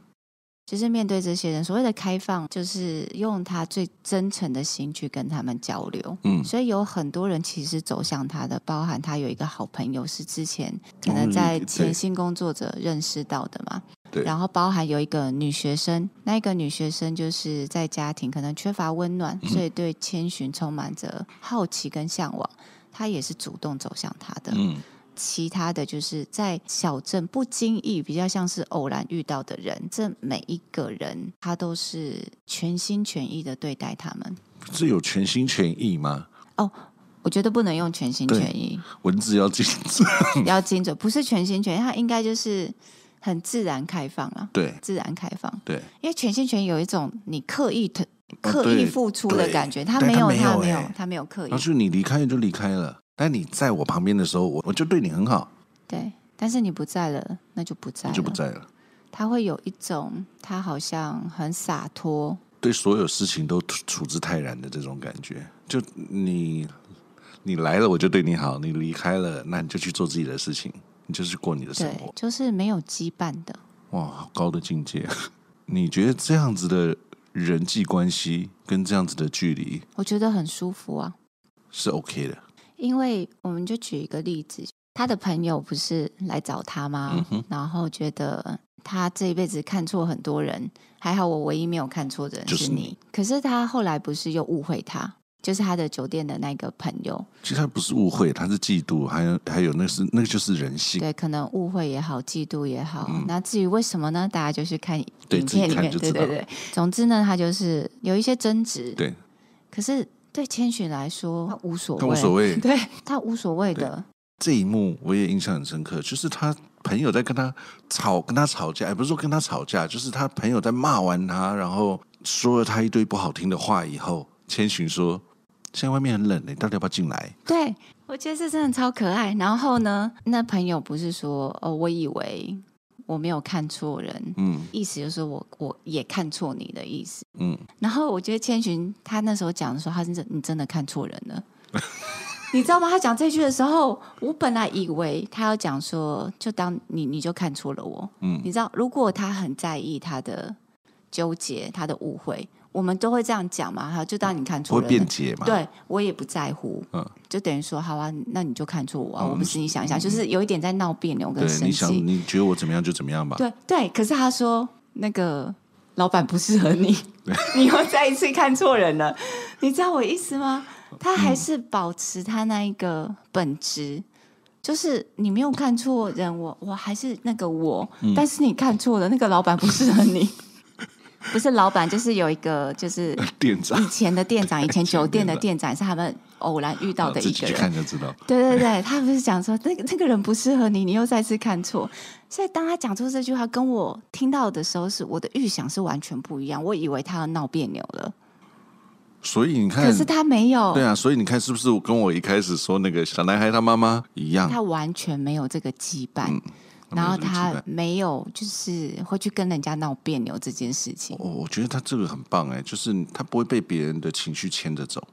就是面對這些人，所謂的開放就是用他最真誠的心去跟他們交流。嗯、所以有很多人其實是走向他的，包含他有一個好朋友是之前可能在前線工作者認識到的嘛。然後包含有一個女學生，那一個女學生就是在家庭可能缺乏溫暖，嗯、所以對千尋充滿着好奇跟向往，她也是主動走向他的。嗯其他的就是在小鎮不經意、比較像是偶然遇到的人，這每一個人他都是全心全意的對待他們。這有全心全意嗎？哦，我覺得不能用全心全意。文字要精準， 要精準，不是全心全意，他應該就是很自然開放啊。對，自然開放。對，因為全心全意有一種你刻意、刻意付出的感覺，啊、他沒有，他沒有，他沒有，他沒有、欸、他沒有刻意。就是你離開就離開了。但你在我旁邊的時候，我我就對你很好。對，但是你不在了，那就不在，你就不在了。他會有一種他好像很灑脫，對所有事情都處之泰然的這種感覺。就你你來了，我就對你好；你離開了，那你就去做自己的事情，你就是過你的生活，對，就是沒有羈絆的。哇，好高的境界！ 你覺得這樣子的人際關係跟這樣子的距離，我覺得很舒服啊，是 OK 的。因為我們就舉一個例子，他的朋友不是來找他嗎？嗯。然後覺得他這一輩子看錯很多人，還好我唯一沒有看錯的人是你，就是你。可是他後來不是又誤會他，就是他的酒店的那個朋友。其實他不是誤會，他是嫉妒，還有還有那是那個就是人性。對，可能誤會也好，嫉妒也好。嗯。那至於為什麼呢？大家就是看影片裡面，對，看就知道。對對對。總之呢，他就是有一些爭執。對，可是。對千尋來說，他無所謂，他無所謂， 對，他無所謂的。這一幕我也印象很深刻，就是他朋友在跟他吵，跟他吵架，也、欸、不是說跟他吵架，就是他朋友在罵完他，然後說了他一堆不好聽的話以後，千尋說：“現在外面很冷、欸，你到底要不要進來？”對，我覺得這真的超可愛。然後呢，那朋友不是說：“哦，我以為。”我沒有看錯人、嗯，意思就是我我也看錯你的意思、嗯，然後我覺得千尋他那時候講的時候，他是真的你真的看錯人了， 你知道嗎？他講這句的時候，我本來以為他要講說，就當你你就看錯了我、嗯，你知道，如果他很在意他的糾結，他的誤會。我們都會這樣講嘛，哈，就當你看錯了，會辯解嘛？對，我也不在乎，嗯，就等於說，好啊，那你就看錯我啊，哦、我不是你想一下，就是有一點在鬧彆扭跟生氣。對，你想你覺得我怎麼樣就怎麼樣吧。對對，可是他說那個老闆不適合你， 你會再一次看錯人了， 你知道我意思嗎？他還是保持他那一個本質，嗯、就是你沒有看錯人，我，我還是那個我，嗯，但是你看錯了，那個老闆不適合你。不是老闆，就是有一個，就是店長。以前的店長，以前酒店的店長是他們偶然遇到的一個人、啊。自己去看就知道。對對對，哎、他不是講說那個那個人不適合你，你又再次看錯。所以當他講出這句話，跟我聽到的時候是，是我的預想是完全不一樣。我以為他要鬧彆扭了。所以你看，可是他沒有。對啊，所以你看是不是跟我一開始說那個小男孩他媽媽一樣？他完全沒有這個羈絆。嗯然後他沒有，就是會去跟人家鬧彆扭這件事情、哦。我覺得他這個很棒哎，就是他不會被別人的情緒牽着走。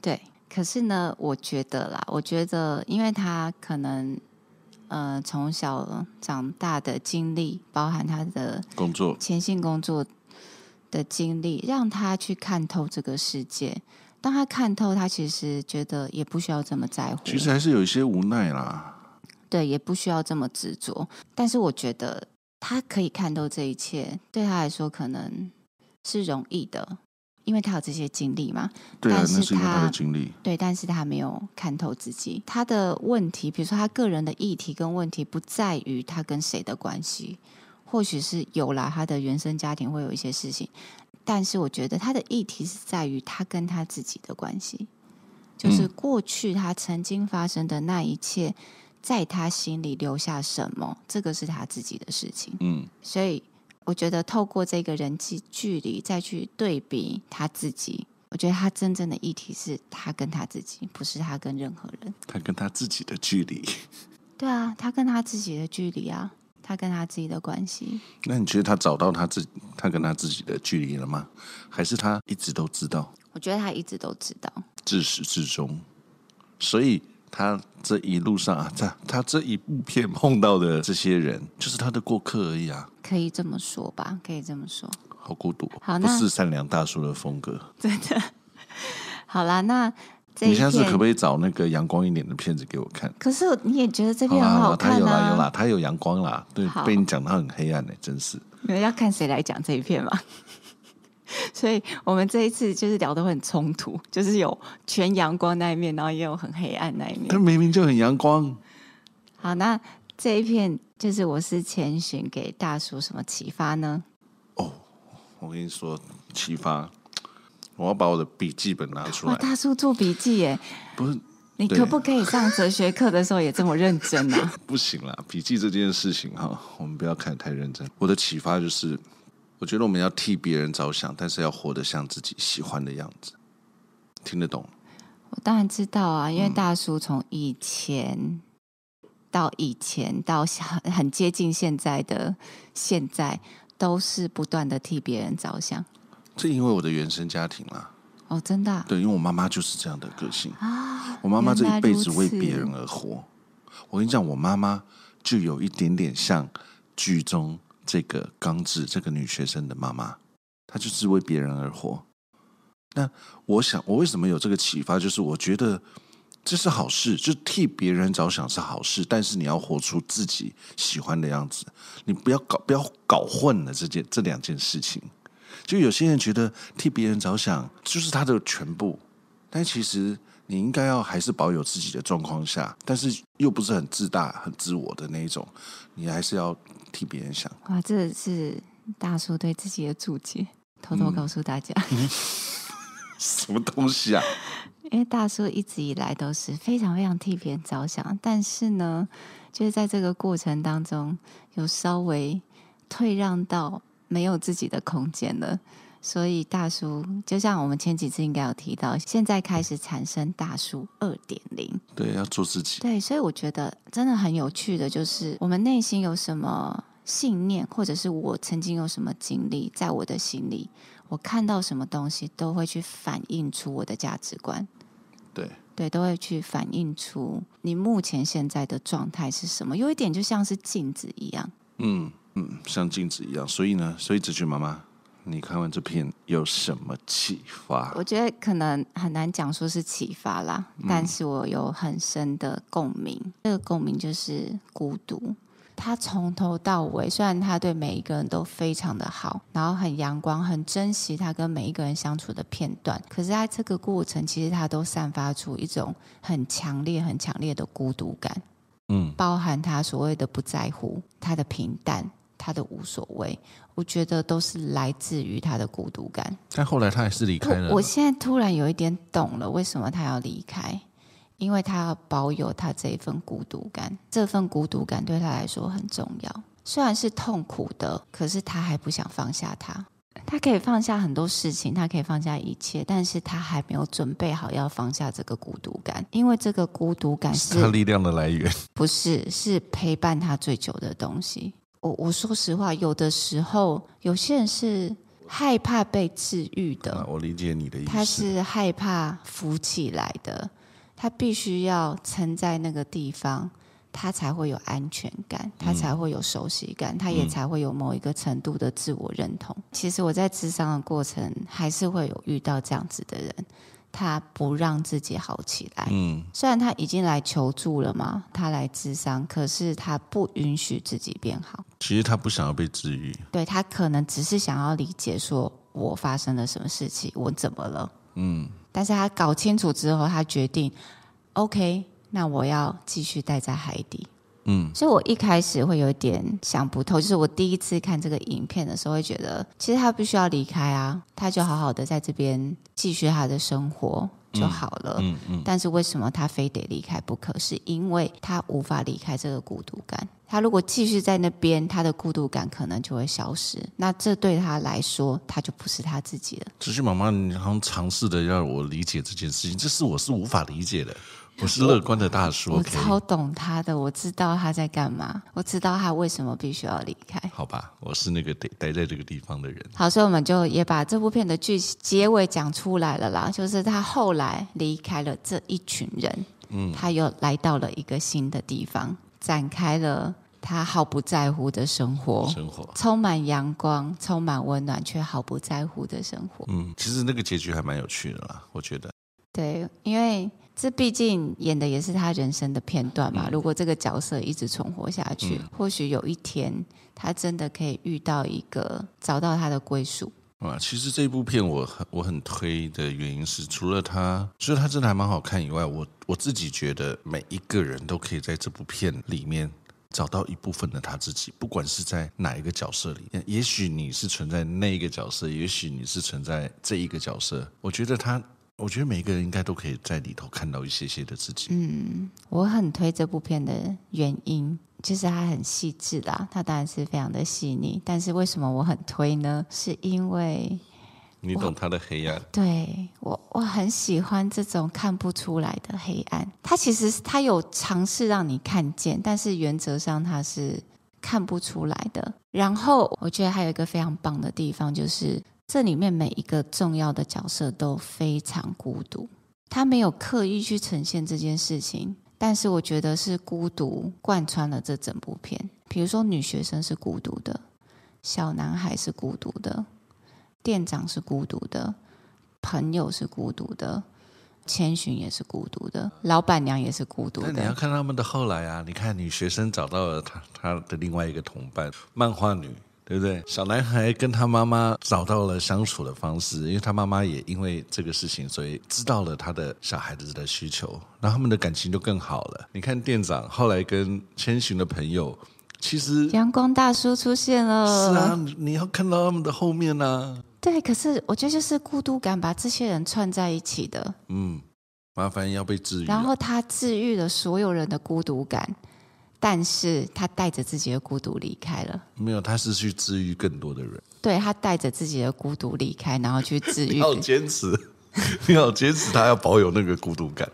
對，可是呢，我覺得啦，我覺得，因為他可能，呃，從小長大的經歷，包含他的工作、前性工作的經歷，讓他去看透這個世界。當他看透，他其實覺得也不需要這麼在乎。其實還是有一些無奈啦。對，也不需要這麼執着。但是我覺得他可以看透這一切，對他來說可能是容易的，因為他有這些經歷嘛。對啊，但是他，那是他的經歷。對，但是他沒有看透自己。他的問題，比如說他個人的議題跟問題，不在於他跟誰的關係，或許是有了他的原生家庭會有一些事情。但是我覺得他的議題是在於他跟他自己的關係，就是過去他曾經發生的那一切。嗯。在他心裡留下什麼？這個是他自己的事情。嗯，所以我覺得透過這個人際距離再去對比他自己，我覺得他真正的議題是他跟他自己，不是他跟任何人。他跟他自己的距離。對啊，他跟他自己的距離啊，他跟他自己的關係。那你覺得他找到他自己，他跟他自己的距離了嗎？還是他一直都知道？我覺得他一直都知道，自始至終。所以。他這一路上啊，他這一部片碰到的這些人，就是他的過客而已啊，可以這麼說吧？可以這麼說，好孤獨，好，不是善良大叔的風格，真的。好啦，那你下次可不可以找那個陽光一點的片子給我看？可是你也覺得這片很好看啊，有啦，有啦，他有陽光啦。對，被你講到很黑暗呢、欸。真是。你要看誰來講這一片嘛？所以我們這一次就是聊得很衝突，就是有全陽光那一面，然後也有很黑暗那一面。他明明就很陽光。好，那這一片就是我是千尋給大叔什麼啟發呢？哦，我跟你說啟發，我要把我的筆記本拿出來。啊，大叔做筆記耶？不是，你可不可以上哲學課的時候也這麼認真啊？ 不行了，筆記這件事情哈，我們不要看太認真。我的啟發就是。我覺得我們要替別人着想，但是要活得像自己喜歡的樣子，聽得懂？我當然知道啊，因為大叔從以前、嗯、到以前到很很接近現在的現在，都是不斷的替別人着想。這因為我的原生家庭啊，哦，真的、啊，對，因為我媽媽就是這樣的個性啊。我媽媽這一輩子為別人而活。我跟你講，我媽媽就有一點點像劇中。這個剛子，這個女學生的媽媽，她就是為別人而活。那我想，我為什麼有這個啟發？就是我覺得這是好事，就替別人着想是好事，但是你要活出自己喜歡的樣子，你不要搞，不要搞混了這件這兩件事情。就有些人覺得替別人着想就是他的全部，但其實。你應該要還是保有自己的狀況下，但是又不是很自大、很自我的那一種，你還是要替別人想。哇，這是大叔對自己的注解，偷偷告訴大家，嗯、 什麼東西啊？ 因為大叔一直以來都是非常非常替別人着想，但是呢，就是在這個過程當中，有稍微退讓到沒有自己的空間了。所以，大叔就像我們前幾次應該有提到，現在開始產生大叔二點零。對，要做自己。對，所以我覺得真的很有趣的就是，我們內心有什麼信念，或者是我曾經有什麼經歷，在我的心裡，我看到什麼東西都會去反映出我的價值觀。對對，都會去反映出你目前現在的狀態是什麼，有一點就像是鏡子一樣。嗯嗯，像鏡子一樣。所以呢，所以哲學馬麻，你看完這片有什麼啟發？我覺得可能很難講說是啟發啦，嗯，但是我有很深的共鳴。這個共鳴就是孤獨。他從頭到尾，雖然他對每一個人都非常的好，然後很陽光，很珍惜他跟每一個人相處的片段，可是在這個過程，其實他都散發出一種很強烈、很強烈的孤獨感。嗯，包含他所謂的不在乎，他的平淡。他的無所謂，我覺得都是來自於他的孤獨感。但後來他還是離開了。我，我現在突然有一點懂了，為什麼他要離開，因為他要保有他這一份孤獨感。這份孤獨感對他來說很重要，雖然是痛苦的，可是他還不想放下他。他可以放下很多事情，他可以放下一切，但是他還沒有準備好要放下這個孤獨感，因為這個孤獨感是他力量的來源，不是，是陪伴他最久的東西。我我說實話，有的時候有些人是害怕被治癒的，我理解你的意思。他是害怕扶起來的，他必須要撐在那個地方，他才會有安全感，他才會有熟悉感，嗯、他也才會有某一個程度的自我認同。嗯、其實我在諮商的過程，還是會有遇到這樣子的人。他不讓自己好起來。嗯，雖然他已經來求助了嘛，他來諮商，可是他不允許自己變好。其實他不想要被治癒，對，他可能只是想要理解，說我發生了什麼事情，我怎麼了？嗯，但是他搞清楚之後，他決定，OK，那我要繼續待在海底。嗯，所以我一開始會有點想不透，就是我第一次看這個影片的時候，會覺得其實他不需要離開啊，他就好好的在這邊繼續他的生活就好了。嗯嗯。但是為什麼他非得離開不可？是因為他無法離開這個孤獨感。他如果繼續在那邊，他的孤獨感可能就會消失。那這對他來說，他就不是他自己了。哲學馬麻，你好像嘗試着要我理解這件事情，這是我是無法理解的。嗯。我是樂觀的大叔我、okay，我超懂他的，我知道他在幹嘛，我知道他為什麼必須要離開。好吧，我是那個得待在這個地方的人。好，所以我們就也把這部片的劇情結尾講出來了啦，就是他後來離開了這一群人，嗯，他又來到了一個新的地方，展開了他毫不在乎的生活，生活充滿陽光，充滿溫暖，卻毫不在乎的生活。嗯，其實那個結局還蠻有趣的啦，我覺得。對，因為。這畢竟演的也是他人生的片段嘛、嗯。如果這個角色一直存活下去、嗯，或許有一天他真的可以遇到一個找到他的歸屬。啊，其實這部片我我很推的原因是，除了他，除了他真的還蠻好看以外，我我自己覺得每一個人都可以在這部片裡面找到一部分的他自己，不管是在哪一個角色裡。也許你是存在那一個角色，也許你是存在這一個角色。我覺得他。我覺得每一個人應該都可以在裡頭看到一些些的自己。嗯，我很推這部片的原因，就是它很細緻啦，它當然是非常的細膩。但是為什麼我很推呢？是因為你懂它的黑暗。我對我，我很喜歡這種看不出來的黑暗。它其實他它有嘗試讓你看見，但是原則上它是看不出來的。然後我覺得還有一個非常棒的地方就是。這裡面每一個重要的角色都非常孤獨，他沒有刻意去呈現這件事情，但是我覺得是孤獨貫穿了這整部片。比如說，女學生是孤獨的，小男孩是孤獨的，店長是孤獨的，朋友是孤獨的，千尋也是孤獨的，老闆娘也是孤獨的。你要看他們的後來啊，你看女學生找到了她她的另外一個同伴——漫畫女。對不對？小男孩跟他媽媽找到了相處的方式，因為他媽媽也因為這個事情，所以知道了他的小孩子的需求，然後他們的感情就更好了。你看店長後來跟千尋的朋友，其實陽光大叔出現了，是啊，你要看到他們的後面呢、啊。對，可是我覺得就是孤獨感把這些人串在一起的。嗯，麻煩要被治癒，然後他治癒了所有人的孤獨感。但是他帶着自己的孤獨離開了。沒有，他是去治癒更多的人。對，他帶着自己的孤獨離開，然後去治癒。要 堅持，要堅持，他要保有那個孤獨感。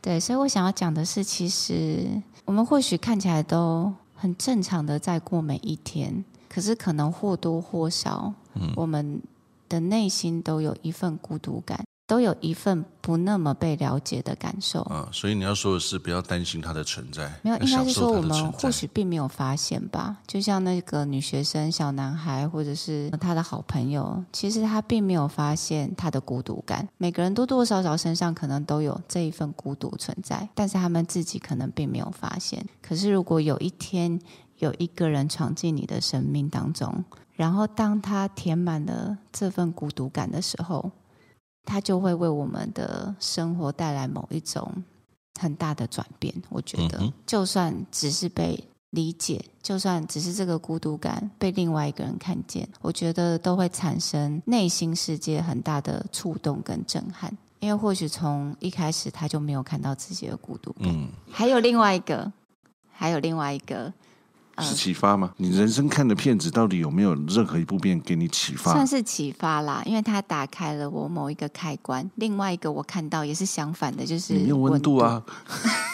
對，所以我想要講的是，其實我們或許看起來都很正常的在過每一天，可是可能或多或少，嗯，我們的內心都有一份孤獨感。都有一份不那麼被了解的感受。嗯、哦，所以你要說的是，不要擔心他的存在。沒有，應該是說我們或許並沒有發現吧？嗯。就像那個女學生、小男孩，或者是他的好朋友，其實他並沒有發現他的孤獨感。每個人多多少少身上可能都有這一份孤獨存在，但是他們自己可能並沒有發現。可是如果有一天有一個人闖進你的生命當中，然後當他填滿了這份孤獨感的時候。他就會為我們的生活帶來某一種很大的轉變。我覺得，就算只是被理解，就算只是這個孤獨感被另外一個人看見，我覺得都會產生內心世界很大的觸動跟震撼。因為或許從一開始他就沒有看到自己的孤獨感。還有另外一個，還有另外一個。是啟發嗎？你人生看的片子到底有沒有任何一部片給你啟發？算是啟發啦，因為它打開了我某一個開關。另外一個我看到也是相反的，就是溫度。沒有溫度啊。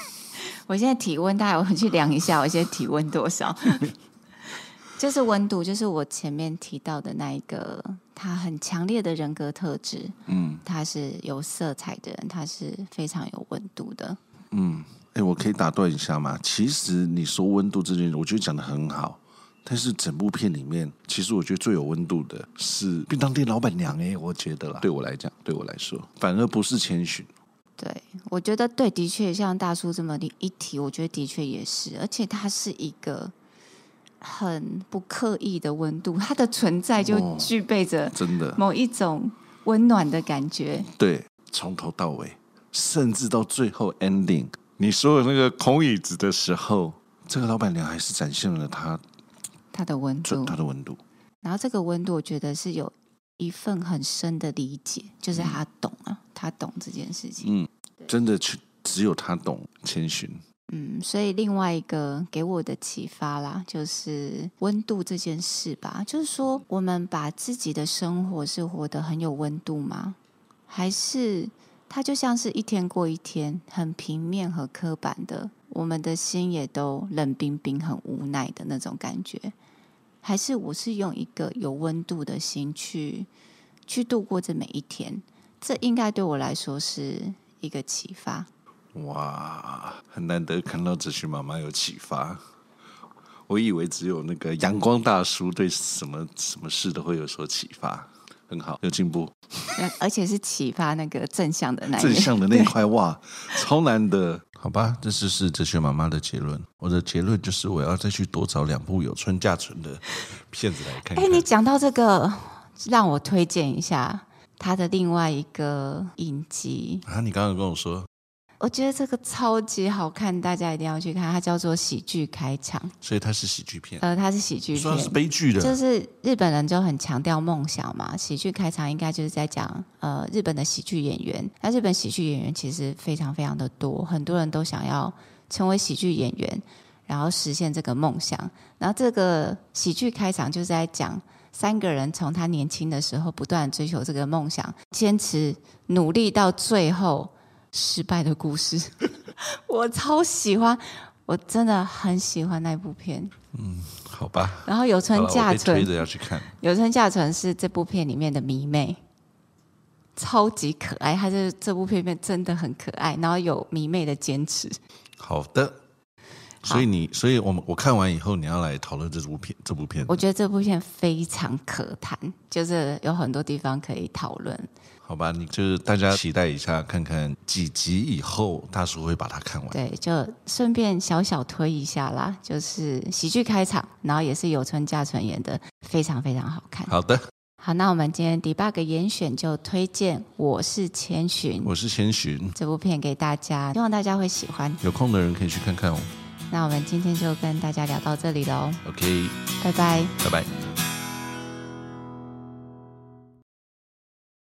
我現在體溫，大概我去量一下，我現在體溫多少？ 就是溫度，就是我前面提到的那一個，他很強烈的人格特質。嗯，他是有色彩的人，他是非常有溫度的。嗯。哎，我可以打斷一下嗎？其實你說溫度這件事，我覺得講得很好。但是整部片裡面，其實我覺得最有溫度的是便當店老闆娘、欸。哎，我覺得啦，對我來講，對我來說，反而不是千尋。對，我覺得對，的確像大叔這麼一提，我覺得的確也是。而且他是一個很不刻意的溫度，它的存在就具備着真的某一種溫暖的感覺、哦的。對，從頭到尾，甚至到最後 ending。你說的那個空椅子的時候，這個老闆娘還是展現了她她的溫度，她的溫度。然後這個溫度，我覺得是有一份很深的理解，就是她懂啊，她、嗯、她懂這件事情。嗯，真的去只有她懂千尋。嗯，所以另外一個給我的啟發啦，就是溫度這件事吧，就是說我們把自己的生活是活得很有溫度嗎？還是？它就像是一天過一天，很平面和刻板的，我們的心也都冷冰冰、很無奈的那種感覺。還是我是用一個有溫度的心去去度過這每一天，這應該對我來說是一個啟發。哇，很難得看到哲學媽媽有啟發，我以為只有那個陽光大叔對什麼什麼事都會有所啟發。很好，有進步，而且是啟發那個正向的那一 正向的那塊。哇，超難的，好吧？這就是哲學馬麻的結論。我的結論就是，我要再去多找兩部有村架純的片子來看看。哎、欸，你講到這個，讓我推薦一下他的另外一個影集啊。你剛剛跟我說。我覺得這個超級好看，大家一定要去看。它叫做《喜劇開場》，所以它是喜劇片。呃，它是喜劇片，雖是悲劇的。就是日本人就很強調夢想嘛，《喜劇開場》應該就是在講呃日本的喜劇演員。那日本喜劇演員其實非常非常的多，很多人都想要成為喜劇演員，然後實現這個夢想。然後這個《喜劇開場》就是在講三個人從他年輕的時候不斷追求這個夢想，堅持努力到最後。失敗的故事， 我超喜歡，我真的很喜歡那部片。嗯，好吧。然後有村架純，我被推着要去看，有村架純是這部片裡面的迷妹，超級可愛。他是這部片裡面真的很可愛，然後有迷妹的堅持。好的，所以你，所以我們我看完以後，你要來討論這部片，這部片。我覺得這部片非常可談，就是有很多地方可以討論。好吧，你就是大家期待一下，看看幾集以後大叔會把它看完。對，就順便小小推一下啦，就是喜劇開場，然後也是有村架純演的，非常非常好看。好的，好，那我們今天 DEBUG 嚴選就推薦《我是千尋》，我是千尋這部片給大家，希望大家會喜歡，有空的人可以去看看哦。那我們今天就跟大家聊到這裡嘍，OK，拜拜，拜拜。Bye bye